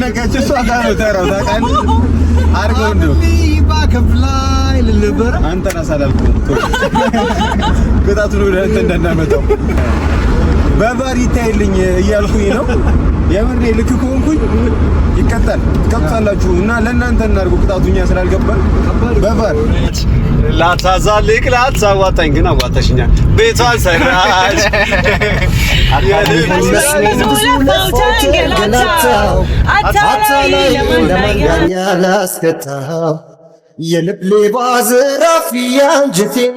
ተጨነቀች። እሷ ጋር ነው ተራው ታውቃለህ። አድርገው እንደው እባክህ ላይ ልልበር አንተን አሳላልኩ ቅጣቱን ወደ አንተ እንዳናመጣው በቫር ይታይልኝ እያልኩኝ ነው። የምሬ ልክ ከሆንኩኝ ይቀጣል ትቀጣላችሁ። እና ለእናንተ እናድርገው ቅጣቱኛ ስላልገባል ላታዛ ላታዛልቅ ላታዋጣኝ ግን አዋጣሽኛል። ቤቷን ሰራሽ ለማንጋኛ ላስከታው የልብ ሌባ ዘራፊ አንጀቴን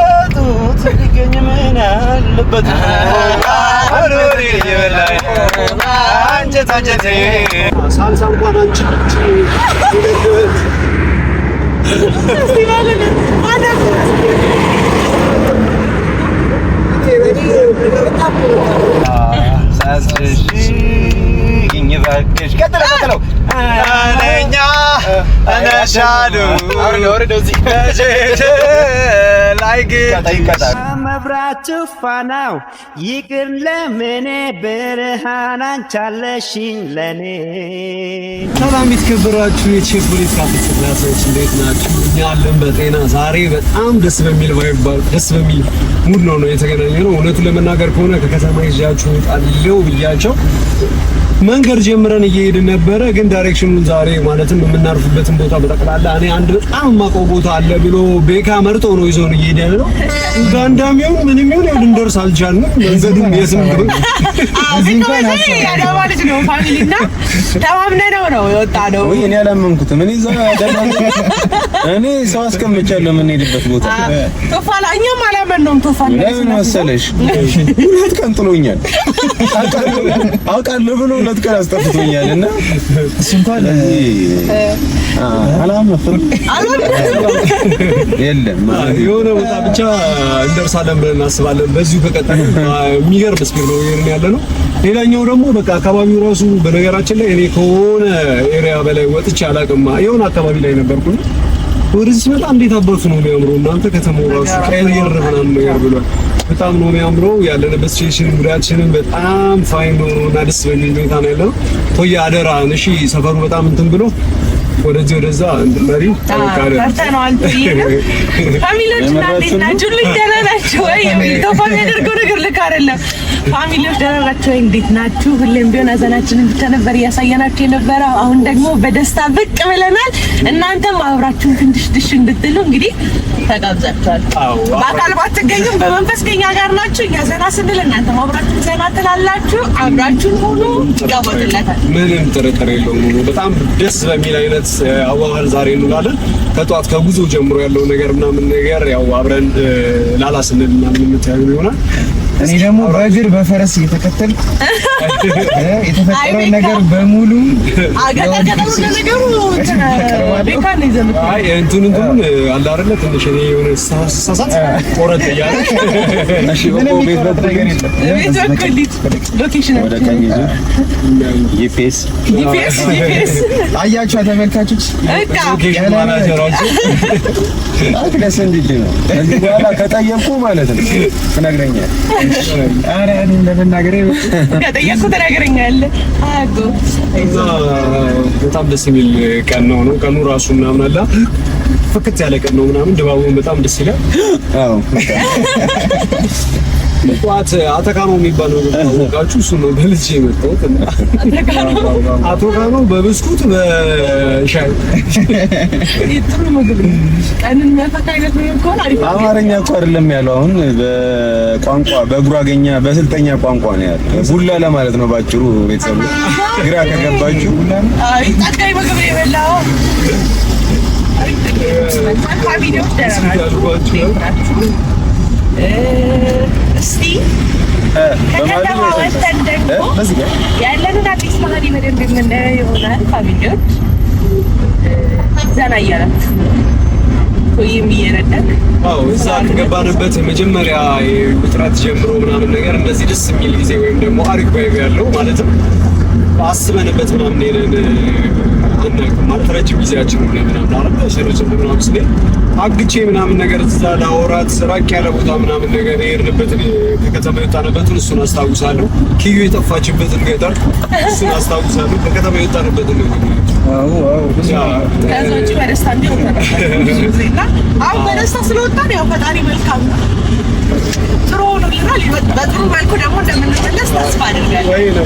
ጡት ሊገኝ ምን አለበት? አንጀት አንጀቴ ሳንሳ እንኳን አንቺ እባክሽ። ቀጥለው ቀጥለው። እኔኛ እነሻሉ መብራቱ ፋናው ይቅር ለምኔ ብርሃን አንቺ ለኔ። ሰላም የተከበራችሁ የቼፕሬት ካፍትና ሰዎች እንዴት ናችሁ? እኛ አለን በጤና። ዛሬ በጣም ደስ በሚል ባይባል ደስ በሚል ሙድ ነው ነው የተገናኘ ነው። እውነቱን ለመናገር ከሆነ ከከተማ ይዣችሁ ጣለው ብያቸው መንገድ ጀምረን እየሄድን ነበረ፣ ግን ዳይሬክሽኑን ዛሬ ማለትም የምናርፍበትን ቦታ በጠቅላላ እኔ አንድ በጣም የማውቀው ቦታ አለ ብሎ ቤካ መርጦ ነው ይዞን እየሄደ ነው። ኡጋንዳም ምንም ይሁን ያው ልንደርስ አልቻልንም። መንገዱም የስም ነው። አዳማ ልጅ ነው ፋሚሊ እና ተማምነን ነው የወጣነው። እኔ አላመንኩትም። እኔ እዛ እኔ ሰው አስቀምጫለሁ የምንሄድበት ቦታ ቶፋላ፣ እኛም አላመንነውም። ቶፋላ ለምን መሰለሽ ሁለት ቀን ጥሎኛል አውቃለሁ ብሎ ሁለት ቀን አስጠፍቶኛል እና እሱ እንኳን አላመፍም የለም የሆነ ቦታ ብቻ እንደርሳለን ብለን እናስባለን። በዚሁ ከቀጠለ የሚገርም ስፒድ ነው ያለ ነው። ሌላኛው ደግሞ በቃ አካባቢው ራሱ በነገራችን ላይ እኔ ከሆነ ኤሪያ በላይ ወጥቼ አላውቅም። የሆነ አካባቢ ላይ ነበርኩኝ ወደዚህ ሲመጣ እንዴት አባቱ ነው የሚያምሩ እናንተ ከተማው ራሱ ቀየር ምናምን ነገር ብሏል። በጣም ነው የሚያምረው። ያለንበት ስቴሽን ጉዳችንን በጣም ፋይን ነው እና ደስ በሚል ሁኔታ ነው ያለው። ቶዬ አደራ እሺ። ሰፈሩ በጣም እንትን ብሎ ወደዚህ ወደዛ መሪ ፈርተነዋል። ፋሚሊዎች እንዴት ናችሁ? ደህና ናችሁ ወይ? ተፋ የሚያደርገው ነገር ልክ አይደለም። ፋሚሊዎች ደህና ናችሁ ወይ? እንዴት ናችሁ? ሁሌም ቢሆን ሀዘናችንን ብቻ ነበር እያሳየናችሁ አሁን ደግሞ በደስታ ብቅ ብለናል። እናንተም አብራችሁን ትንሽ ድሽ እንድትሉ እንግዲህ ተጋብዛችኋል። በአካል ባትገኙም በመንፈስ ከኛ ጋር ናችሁ። እኛ ዘና ስንል እናንተም አብራችሁን ዘና ትላላችሁ። አብራችሁን ሁሉ ይጋባትላታል። ምንም ጥርጥር የለውም። በጣም ደስ በሚል አይነት ድረስ አዋህን ዛሬ እንውላለን። ከጠዋት ከጉዞ ጀምሮ ያለው ነገር ምናምን ነገር ያው አብረን ላላ ስንል ምናምን የምታዩ ይሆናል። እኔ ደግሞ በእግር በፈረስ እየተከተል የተፈጠረውን ነገር በሙሉ እንትን እንትኑን አለ ቆረጥ እያለ ደስ እንዲል ነው። ከዚህ ማለት ነው ትነግረኛለህ በጣም ደስ የሚል ቀን ነው ነው ቀኑ ራሱ ምናምን አላ ፍክት ያለ ቀን ነው ምናምን ድባቡን በጣም ደስ ይላል። ጠዋት አተካኖ የሚባለው ወቃችሁ እሱ ነው በልጅ የመጣሁት። አተካኖ በብስኩት በሻይ ጥሩ ምግብ ቀንን የሚያፈካ አይነት ምግብ ከሆነ አሪፍ። አማርኛ እኮ አይደለም ያለው አሁን በቋንቋ በጉራገኛ በስልጠኛ ቋንቋ ነው ያለው። ቡላ ለማለት ነው ባጭሩ። ቤተሰብ ግራ ከገባችሁ ቡላ ምግብ የበላው አይ ከከተማ ወሰን ደግሞ ያለንን አዲስ ባህል በደንብ የምናየው ይሆናል። ፋሚሊዎች ዘና እያላችሁ ቆይም እዛ ከገባንበት የመጀመሪያ ውጥረት ጀምሮ ምናምን ነገር እንደዚህ ደስ የሚል ጊዜ ወይም ደግሞ አሪፍ ባይብ ያለው ማለትም አስበንበት ምናምን ሄደን አናውቅም ረጅም ጊዜያችን ሆነ ምናምን አረ ሸረጭ ምናምን ስለ አግቼ ምናምን ነገር እዛ ለአውራት ራቅ ያለ ቦታ ምናምን ነገር የሄድንበትን ከከተማ የወጣንበትን እሱን አስታውሳለሁ። ኪዩ የጠፋችበትን ገጠር እሱን አስታውሳለሁ። በከተማ የወጣንበትን ነገር በደስታ አሁን በደስታ ስለወጣን ያው ፈጣሪ መልካም ነው። ጥሩ ሆኖልናል። በጥሩ መልኩ ደግሞ እንደምንመለስ ተስፋ አድርጋለሁ።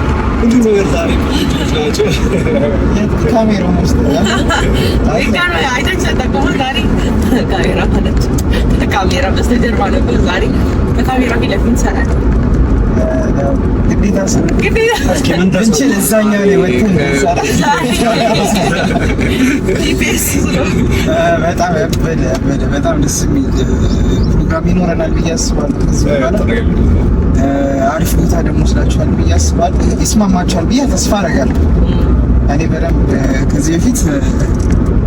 ብዙ ነገር ዛሬ ካሜራ ውስጥ አይታች ካሜራ በስተጀርባ ነበር። ዛሬ ከካሜራ ፊት ለፊት እንሰራለን። በጣም ደስ የሚል ፕሮግራም ይኖረናል ብዬ አስባለሁ። አሪፍ ቦታ ደግሞ ስላችኋል ብዬ አስባለሁ። ይስማማችኋል ብዬ ተስፋ አደርጋለሁ። እኔ በደንብ ከዚህ በፊት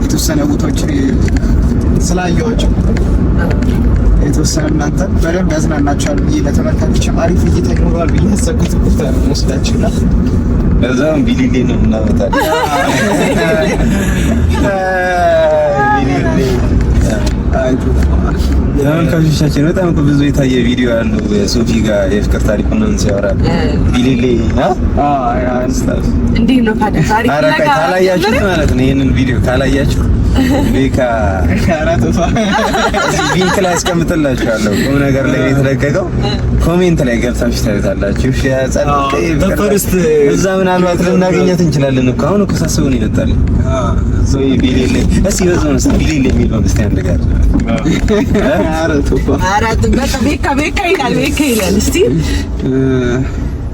የተወሰነ ቦታዎች ስላየኋቸው የተወሰነ እናንተ በደንብ ያዝናናቸዋል ብዬ ለተመልካቾች አሪፍ እይታ ይኖረዋል ብዬ ያሰብኩት ቦታ መወስዳችሁ እና እዛም ቢሊሌ ነው እናመጣለን። ተመልካቾቻችን በጣም ብዙ የታየ ቪዲዮ ያለው የሶፊ ጋር የፍቅር ታሪክ ምናምን ሲያወራ ቢሊሌ እንዲህ ነው ካላያችሁት ማለት ነው ይህንን ቪዲዮ ካላያችሁ ሊንክ ላይ አስቀምጥላችኋለሁ። ቁም ነገር ላይ የተለቀቀው ኮሜንት ላይ ገብታችሁ ታዩታላችሁ። እዛ ምናልባት ልናገኛት እንችላለን እኮ አሁን እኮ ሳስበውን ይመጣል። እስኪ ቢሌለ የሚለውን እስኪ አንድ ጋር አራት ቤካ ቤካ ይላል ቤካ ይላል እስኪ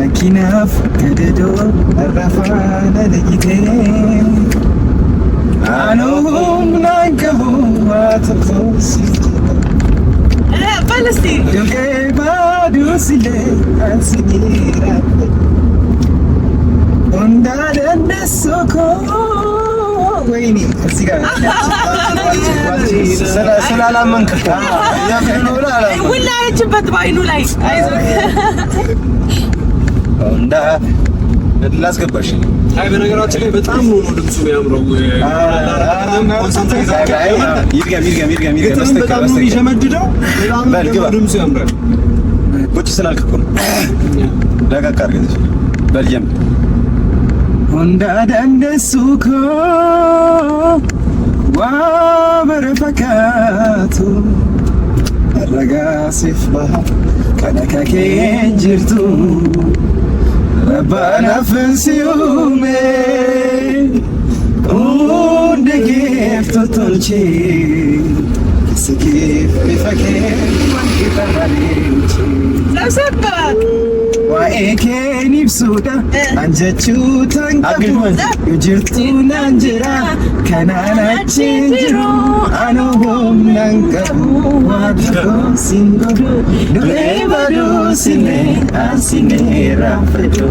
መኪና ፍቅድዶ ረፋነ ለይቴ አኑም ናንከሁ አትርቶ ስላላመንክ ሁላ አለችበት በአይኑ ላይ እንዳ ላስገባሽ አይ፣ በነገራችን ላይ በጣም ነው ነው ድምፁ የሚያምረው። ይድገም እንደሱ እኮ ዋ ረጋ ሲፍባ ከነካኬ እንጅርቱ በነፍስዩሜ Und geeft tot onche Sikif bifakir Wangi bahalinchi waa'eekeen ibsuudha anjachuu tan qabu jirtuun nan jira kanaan achiin jiru anu humnan qabu waa tokko sin godhu duree baduu sinee asine raafadhu.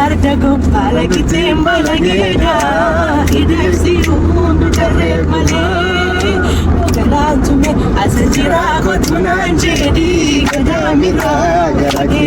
భారతకు పలకి చెంబలగేగా ఇది సిరుండు కర్రే మలే ಸಲಾಚುಮೆ ಅಸಚಿರ ಕೊಚ್ಚುನಾಂಚಿ ಕದಾಮಿಕ ಗರಗಿ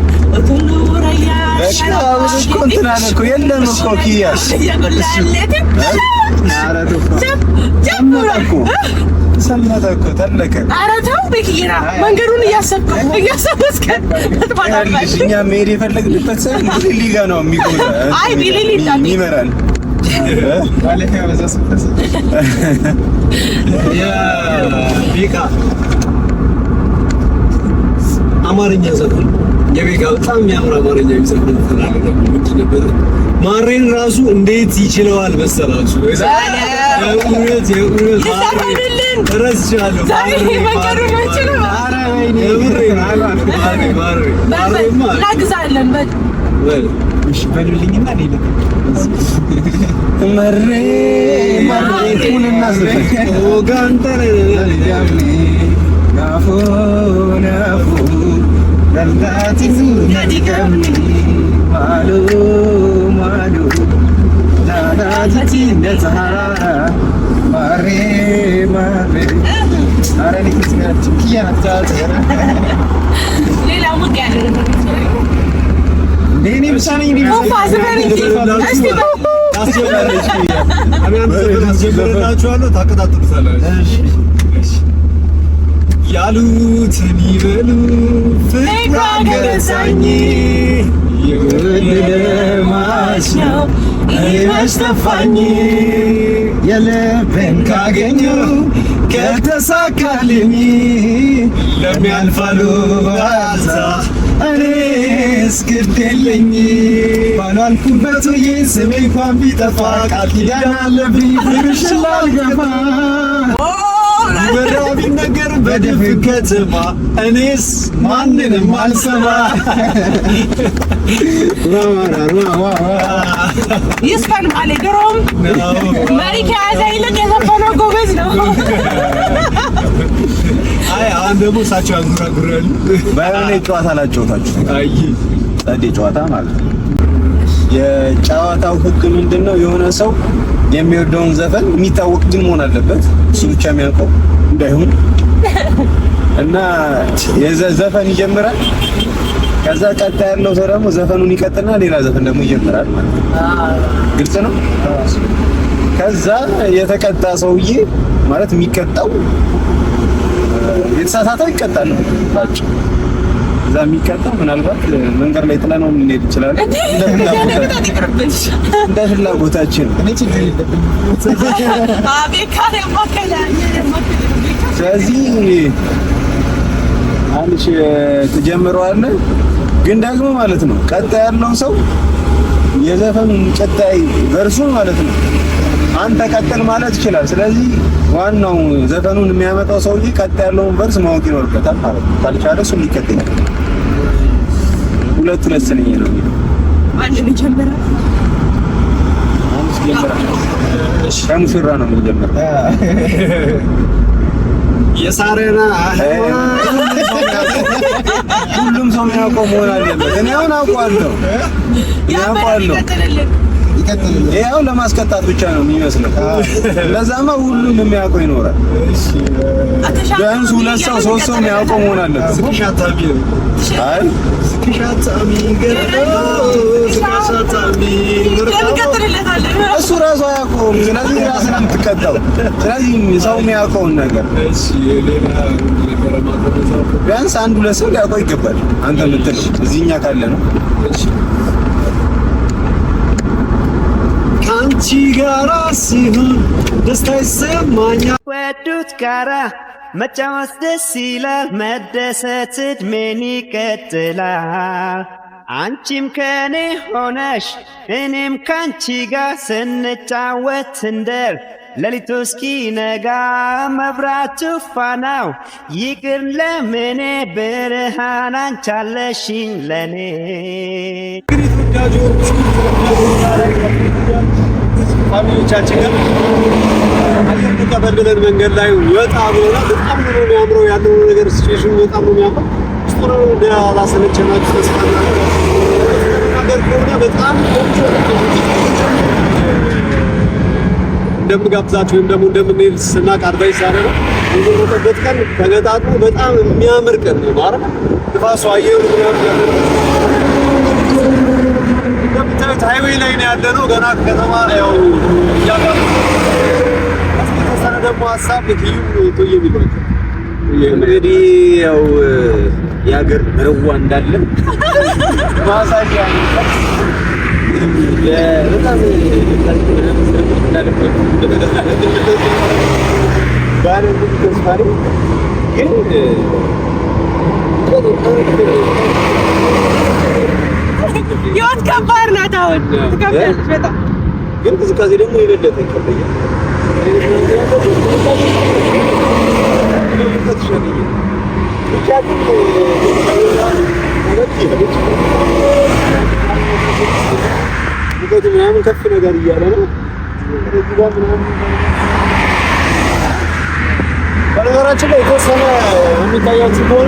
መንገዱን እያሰብከው እያሰበስከን እኛ መሄድ የፈለግንበት አማርኛ ዘፈን የቤካ በጣም የሚያምር አማርኛ ተናገረ ማሬን ራሱ እንዴት ይችለዋል መሰላችሁ? የእውነት የእውነት ረስቻለሁ። ማሬ ማሬ ላስጀመረ ይችላል። አብያን ዘፈን አስጀመረ ናቸዋለሁ ታከታትሉታላችሁ። እሺ ያሉትን ይበሉ ፍቅር ገረሳኝ የወደደ ማች ነው ይመስጠፋኝ የልቤን ካገኘው ከተሳካልኝ ለሚያልፋሉ አዛ እስክድልኝ ባላልኩበት ዬ ስሜ እንኳን ቢጠፋ ቃል ኪዳን አለብኝ ብርሽላል ወራ ቢነገር በድፍ ከተማ እኔስ ማንንም አልሰማ። ይስፈን ማለ ድሮም መሪ ከያዘ ይልቅ የዘፈነው ጎበዝ ነው። አይ አሁን ደግሞ እሳቸው ያንጉራጉራሉ። ባይሆን ጨዋታ ላጫወታችሁ። አይ ጸዴ ጨዋታ ማለት ነው። የጨዋታው ህግ ምንድን ነው? የሆነ ሰው የሚወደውን ዘፈን የሚታወቅ ግን መሆን አለበት። እሱ ብቻ የሚያውቀው እንዳይሆን እና ዘፈን ይጀምራል። ከዛ ቀጣ ያለው ሰው ደግሞ ዘፈኑን ይቀጥና ሌላ ዘፈን ደግሞ ይጀምራል ማለት ነው። ግልጽ ነው። ከዛ የተቀጣ ሰውዬ ማለት የሚቀጣው የተሳሳተው ይቀጣል ነው። እዛ የሚቀጣ ምናልባት መንገድ ላይ ጥለነው ልንሄድ ይችላል። እንደ ፍላጎታችን ስለዚህ አንቺ ትጀምረዋለህ፣ ግን ደግሞ ማለት ነው ቀጣ ያለውን ሰው የዘፈን ቀጣይ ቨርሱን ማለት ነው አንተ ቀጥል ማለት ይችላል። ስለዚህ ዋናው ዘፈኑን የሚያመጣው ሰውዬ ቀጥ ያለውን ቨርስ ማወቅ ይኖርበታል ማለት ነው። ካልቻለ እሱ ሊቀጥል ሁለት ሁለት ስንኝ ነው ከሙሽራ ነው የሚጀምረው። የሳሬና ሁሉም ሰው የሚያውቀው መሆን አለበት። እኔ አሁን አውቀዋለሁ። ይኸው ለማስቀጣት ብቻ ነው የሚመስለው። ለዛማ ሁሉም የሚያውቀው ይኖራል። ቢያንስ ሁለት ሰው ሶስት ሰው የሚያውቀው መሆን አለበት። እሱ ራሱ አያውቀውም። ስለዚህ ራስ ነው የምትቀጣው። ስለዚህ ሰው የሚያውቀውን ነገር ቢያንስ አንድ ሁለት ሰው ሊያውቀው ይገባል። አንተ የምትለው እዚህኛ ካለ ነው ካንቺ ጋራ ሲሆን ደስታ ይሰማኛል። ወዱት ጋራ መጫወት ደስ ይላል። መደሰት እድሜን ይቀጥላል። አንቺም ከኔ ሆነሽ እኔም ካንቺ ጋር ስንጫወት ትንደር ሌሊቱ እስኪነጋ መብራቱ ፋናው ይቅር ለምኔ ብርሃን አንቺ አለሽኝ ለኔ ፋሚሊዎቻችን ጋር አየር ልቀበል ብለን መንገድ ላይ ወጣ ብሎና በጣም ነው የሚያምረው ያለው ነገር ሲቹዌሽን በጣም ነው የሚያምረው። ውስጡ እንዳላሰለቸናችሁ ተስፋ ነገር ከሆነ በጣም ቆንጆ እንደምጋብዛችሁ ወይም ደግሞ እንደምንሄድ ስናቅ አድቫይስ ያደረገው የሚሮጠበት ቀን ተገጣጥሞ በጣም የሚያምር ቀን ነው ማለት ንፋሱ አየሩ ምናምን ያለ እንደምታዩት ሃይዌይ ላይ ነው ያለነው። ገና ከተማ ያው ያጋሩ ደግሞ ሀሳብ ልትዩም ቶዬ ቢበረከ እንግዲህ ያው የሀገር ረዋ እንዳለ ማሳያ በጣም ህይወት ከባድ ናት። አሁን ትከፍያለሽ በጣም ግን ቅዝቃዜ ደግሞ የበለጠ ይከብዳል። ምናምን ከፍ ነገር እያለ ነው። በነገራችን ላይ የተወሰነ የሚታያችሁ ከሆነ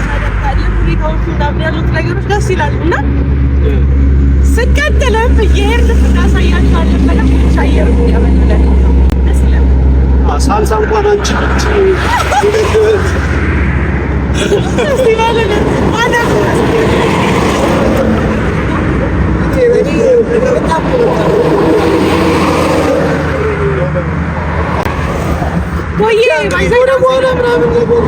ሀውልት ምናምን ያሉት ነገሮች ደስ ይላሉ እና ስቀጥልም እየሄድን እናሳያቸዋለን። በደምብ ብቻ አየሩን ያመልለን ደስ እንኳን አንቺ ደስ ወደ በኋላ ምናምን ነገር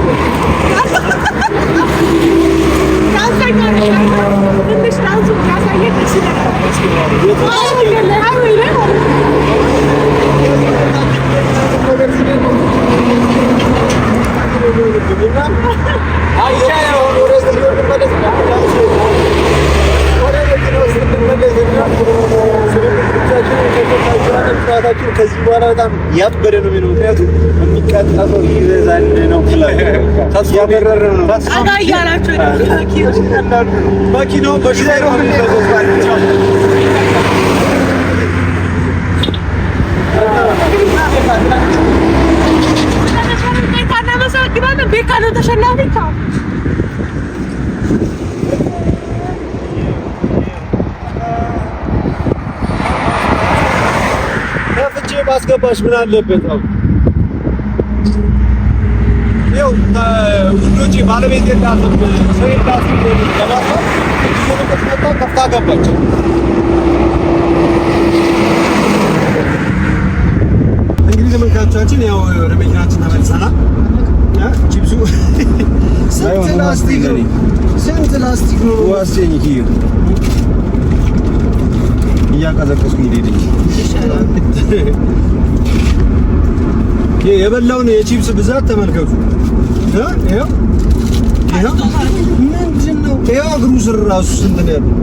Ayşe, orası gördüm ben de. ራሳችን ከዚህ በኋላ በጣም ያበደ ነው የሚሆነው። ምክንያቱም የሚቃጣ ሰው ይበዛል ነው ያበረረ ነው መኪናው በሽታ ቤካ ነው ተሸናፊ باش منال بيتاو يو ሉጂ ባለቤት የላትም ሰው የላትም ለማሳ ሱንበት መጣ ከፍታ ገባቸው እንግዲህ ተመልካቾቻችን ያው ወደ መኪናችን ተመልሰናል ጂፕሱ ስንት ላስቲክ ነው ስንት ላስቲክ ነው ዋስኝ ኪዩ እያቀዘቀዝኩ ይሄድ ይሻላል የበላውን የቺፕስ ብዛት ተመልከቱ። ይኸው ይኸው ምንድን ነው ይኸው እግሩ ስር ራሱ ስንት ነው ያለው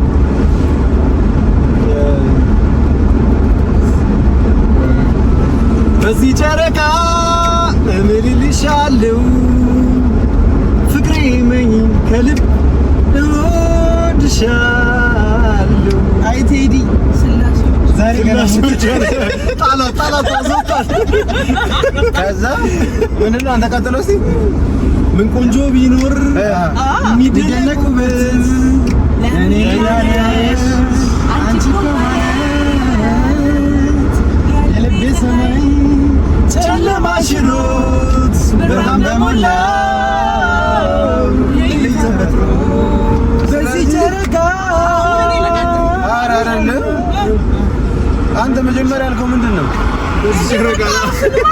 በዚህ ጨረቃ እምልልሻለሁ ፍቅሬ መኝ ከልብ እወድሻለሁ። አይ ቴዲ ከዛ ምንድን ምን ቆንጆ ቢኖር የሚደነቁበት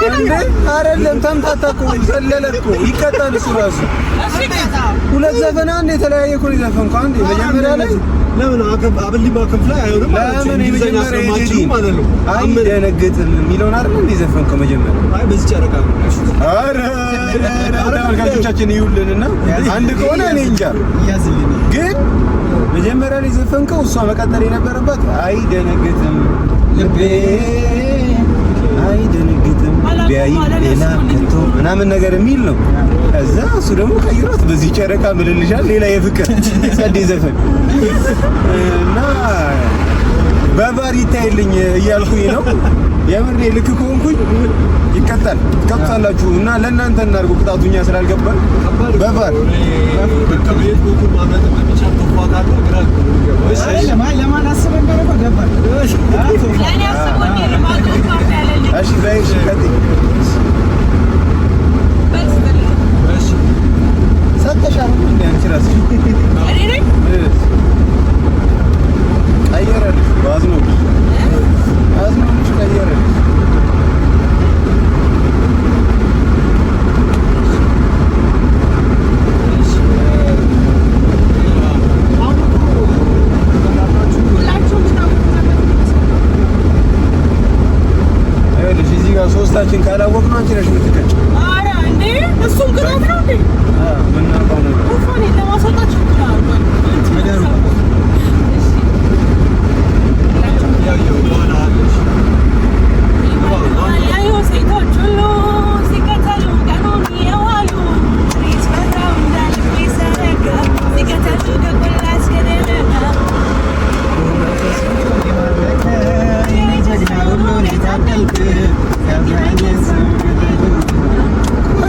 እንዴ አይደለም፣ ተምታታ እኮ ዘለለ እኮ ይቀጣል። እሱ ራሱ ሁለት ዘፈና አንድ የተለያየ እኮ ዘፈንኩ። አንዴ መጀመሪያ ላይ ለምን አብሊባ ክፍል ላይ አይሆንም ለምን የመጀመሪያ ሄጂ ማለት ነው። አይ ደነገጥን የሚለውን አይደል እንዴ ዘፈንኩ መጀመሪያ። አይ በዚህ ጨረቃ ነው። አረ ተመልካቾቻችን ይውልንና አንድ ከሆነ እኔ እንጃ ግን መጀመሪያ ላይ ዘፈንከው እሷ መቀጠል የነበረባት አይደነግጥም ልቤ አይደነግጥም ቢያይ ሌላ ከቶ ምናምን ነገር የሚል ነው። ከዛ እሱ ደግሞ ቀይሯት በዚህ ጨረቃ ምልልሻል ሌላ የፍቅር ጸዴ ዘፈን እና በባር ይታይልኝ እያልኩኝ ነው። የምሬ ልክ ከሆንኩኝ ይቀጣል ትቀጣላችሁ። እና ለእናንተ እናድርገው ቅጣቱኛ ስላልገባል በባር ለማን አስበህ ገባል እሺ በይ እሺ ቀጥይ ሰተሻል እንዴ አንቺ ራስሽ እኔ ነኝ ቀየረልሽ ባዝኖ ባዝኖ ቀየረልሽ ያው ሶስታችን ካላወቅነው አንቺ ነሽ የምትቀጭ። ኧረ እንዴ እሱም ቅጣት ነው እንዴ? አዎ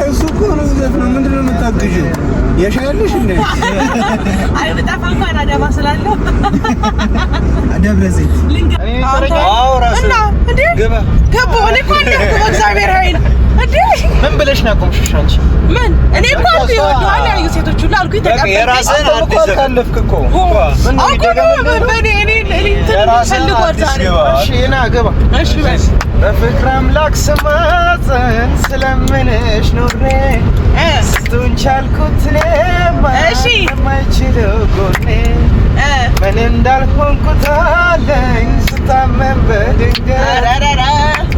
እሱ እኮ ነው ዝገት ነው። ምንድን ነው የምታግዥው? የሻያለሽ እንደ አይ በጣም እንኳን አዳማ ስላለው ደብረ ዘይት እግዚአብሔር ኃይል ምን ብለሽ ነው ያቆምሽሽ? አንቺ ምን እኔ እኮ ያዩ ሴቶች ሁሉ አልኩኝ። በፍቅር አምላክ ስማፀን ስለምንሽ ኑሬ ስቱን ቻልኩት የማይችለው ጎኔ ምን እንዳልሆንኩት አለኝ ስታመን በድንገት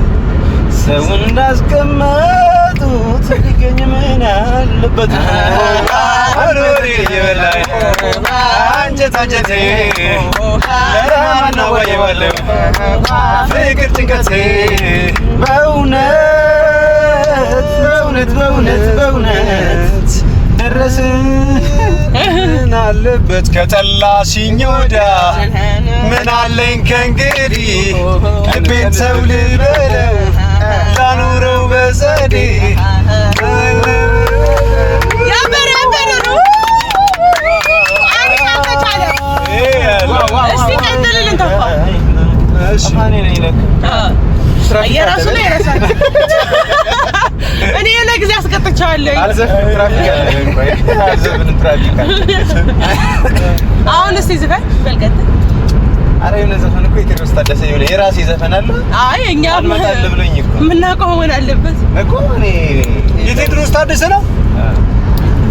ሰው እንዳስቀመጥ ጡት ሊገኝ ምን አለበት? አንጀት አንጀቴ ለማነው ወየዋለው ፍቅር ጭንቀቴ በእውነት በእውነት በእውነት በእውነት ደረስን አለበት ከጠላሽኝ ወዳ ምን አለኝ ከእንግዲህ ቤተሰብ ልበለው ላኑረው አሁን እስኪ ዝፈን በልቀጥል አረ የሆነ ዘፈን እኮ የቴዎድሮስ ታደሰ የሆነ የራሴ ዘፈን አለ። አይ እኛ የምናውቀው መሆን አለበት እኮ እኔ የቴዎድሮስ ታደሰ ነው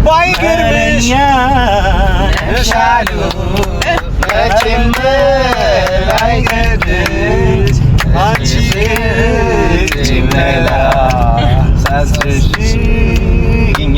ባይገርምሽ ሻሉ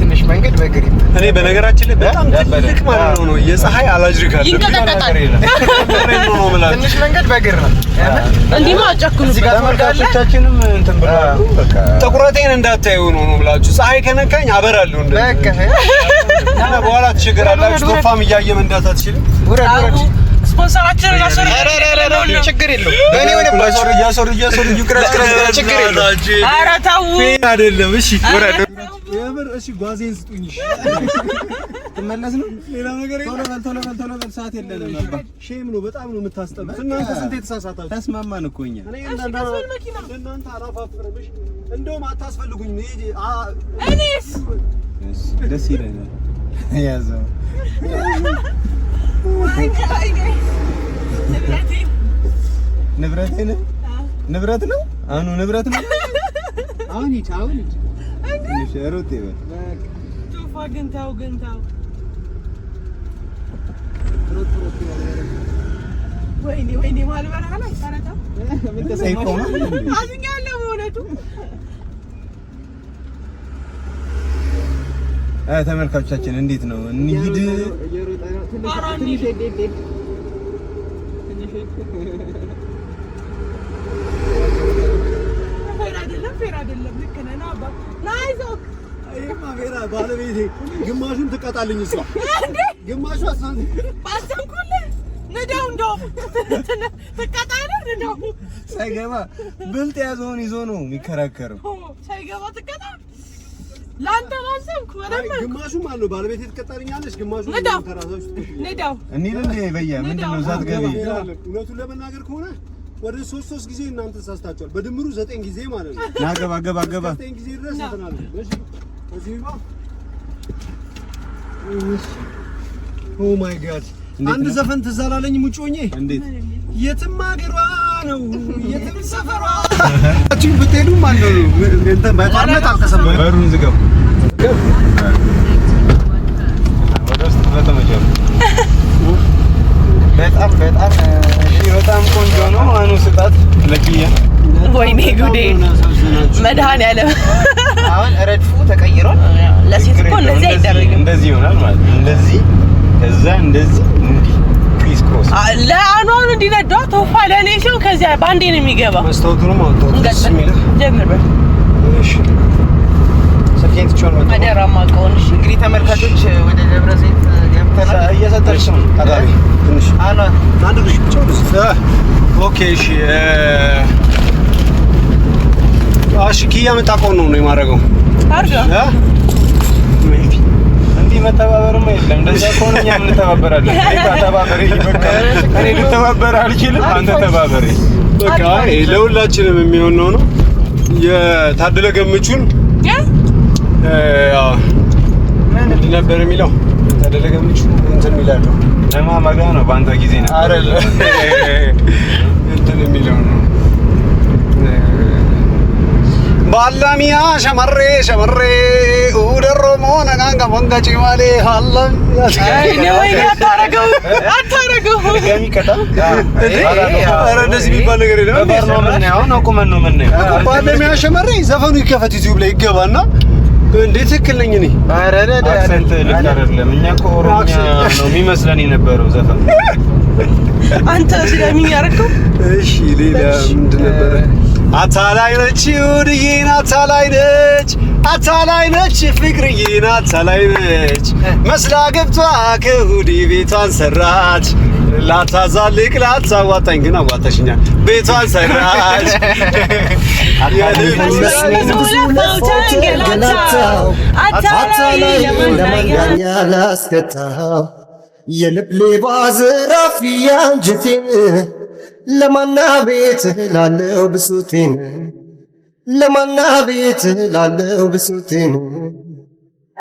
ትንሽ መንገድ በግሪ እኔ በነገራችን ላይ በጣም ትልቅ ማለት ነው የፀሐይ አላጅሪካል ትንሽ መንገድ በግር ነው እንዲማ ጋር ተመልካቾቻችንም እንትን ብለዋል። ጥቁረቴን እንዳታዩ ነው ነው ብላችሁ ፀሐይ ከነካኝ አበራለሁ እንደ በቃ በኋላ ትቸገራላችሁ። ቶፋም እያየ መንዳት አትችልም። ውረድ ውረድ ስፖንሰራችን ችግር የለውም። እያስወርድ እያስወርድ ችግር የለውም። ኧረ ተው አይደለም። እሺ ውረድ የምር እሺ፣ ጓዜን ስጡኝ። እሺ፣ ትመለስ ነው። ሌላ ነገር የለም። ቶሎ በል ቶሎ በል ቶሎ በል፣ ሰዓት የለንም። አባ ሼም ነው፣ በጣም ነው የምታስጠሉት እናንተ። ስንት የተሳሳታችሁ። ተስማማን እኮ እኛ። እናንተ አላፋፍረምሽ፣ እንደውም አታስፈልጉኝ። እኔስ እሺ፣ ደስ ይለኛል። ያዘው ንብረት ነው፣ ንብረት ነው። አሁኑ ንብረት ነው። አሁን ይቻውን ትንሽ ሩጥ ይበል ጩፋ ግንታው ግንታው ወይኔ ወይኔ ማልበላ ተመልካቾቻችን እንዴት ነው? እንሂድ። ፌር ባለቤቴ ግማሹን ትቀጣልኝ እሷ ግማሹ ሳይገባ ብልጥ ያዘውን ይዞ ነው የሚከራከረው። ሳይገባ ትቀጣ ለአንተ ባሰብኩ ግማሹም አለው ባለቤቴ ትቀጣልኛለች። ግማሹ ንደው ንደው እንሂድ እንደ ምንድን ነው እዛ ትገቢ እውነቱን ለመናገር ከሆነ ወደ ሶስት ሶስት ጊዜ እናንተ ተሳስታችኋል። በድምሩ ዘጠኝ ጊዜ ማለት ነው። ናገባ ገባ ገባ ዘጠኝ ጊዜ ድረስ ተናለ። ኦ ማይ ጋድ አንድ ዘፈን ትዝ አላለኝ ሙጮኜ። እንዴት የትም ሀገሯ ነው የትም ሰፈሯ አቺን ብትሄዱ ማለት ነው እንተ ባይታርነት አልተሰማም። በሩን ዝጋው በጣም በጣም በጣም ቆንጆ ነው። አኑ ስጣት ለኪያ። ወይኔ ጉዴ መድኃኒዓለም አሁን ረድፉ ተቀይሯል። ለሴት እኮ እንደዚህ አይደረግም። እንደዚህ ይሆናል ማለት እንደዚህ ከዛ እንደዚህ እንዲህ ክሪስ ክሮስ ለአኑ እንዲነዷ ተውፋ ለእኔ ሲሆን ከዚያ በአንዴ ነው የሚገባ መስታወቱንም አወጣሁት። ጀምር በል እሺ እንግዲህ ተመልካቾች ወደ ደብረ ዘይት ገብተናል። እየሰጠች ነው። እሺ ኪያ መጣቆ ነው ነው የማደርገው እንዲህ መተባበርማ የለም። እንደዛ ከሆነ እኛ እንተባበራለን። እኔ ልተባበር አልችልም፣ አንተ ተባበሬ። በቃ ለሁላችንም የሚሆን ነው ነው የታደለ ገምቹን ምንድን ነበር የሚለው ተደረገ ምንጭ እንትን የሚላለው ለማመጋ ነው። በአንተ ጊዜ ነው አይደል እንትን የሚለው ነው። ባላሚያ ሸመሬ ሸመሬ ደሮሞ ነጋንጋ ወንጋ ጭማሌ እንደዚህ የሚባል ነገር የለም። ባላሚያ ሸመሬ ዘፈኑ ይከፈት ዩቲዩብ ላይ ይገባና እንዴት ትክክል ነኝ እኔ። አረ አክሰንት ልክ አይደለም። እኛ እኮ ኦሮምኛ ነው የሚመስለን የነበረው ዘፈን። አንተ ስለሚኝ ያረከው? እሺ ሌላ ምንድን ነበረ? አታላይ ነች ውድዬን፣ አታላይ ነች፣ አታላይ ነች ፍቅርዬን፣ አታላይ ነች መስላ ገብቷ ከሁዲ ቤቷን ሰራች ላታዛልቅ አዋጣኝ ግን አዋጣሽኛል። ቤቷን ሰራሽ ላስከታው ለማና ቤት ላለው ብሶቴን ለማና ቤት ላለው ብሶቴን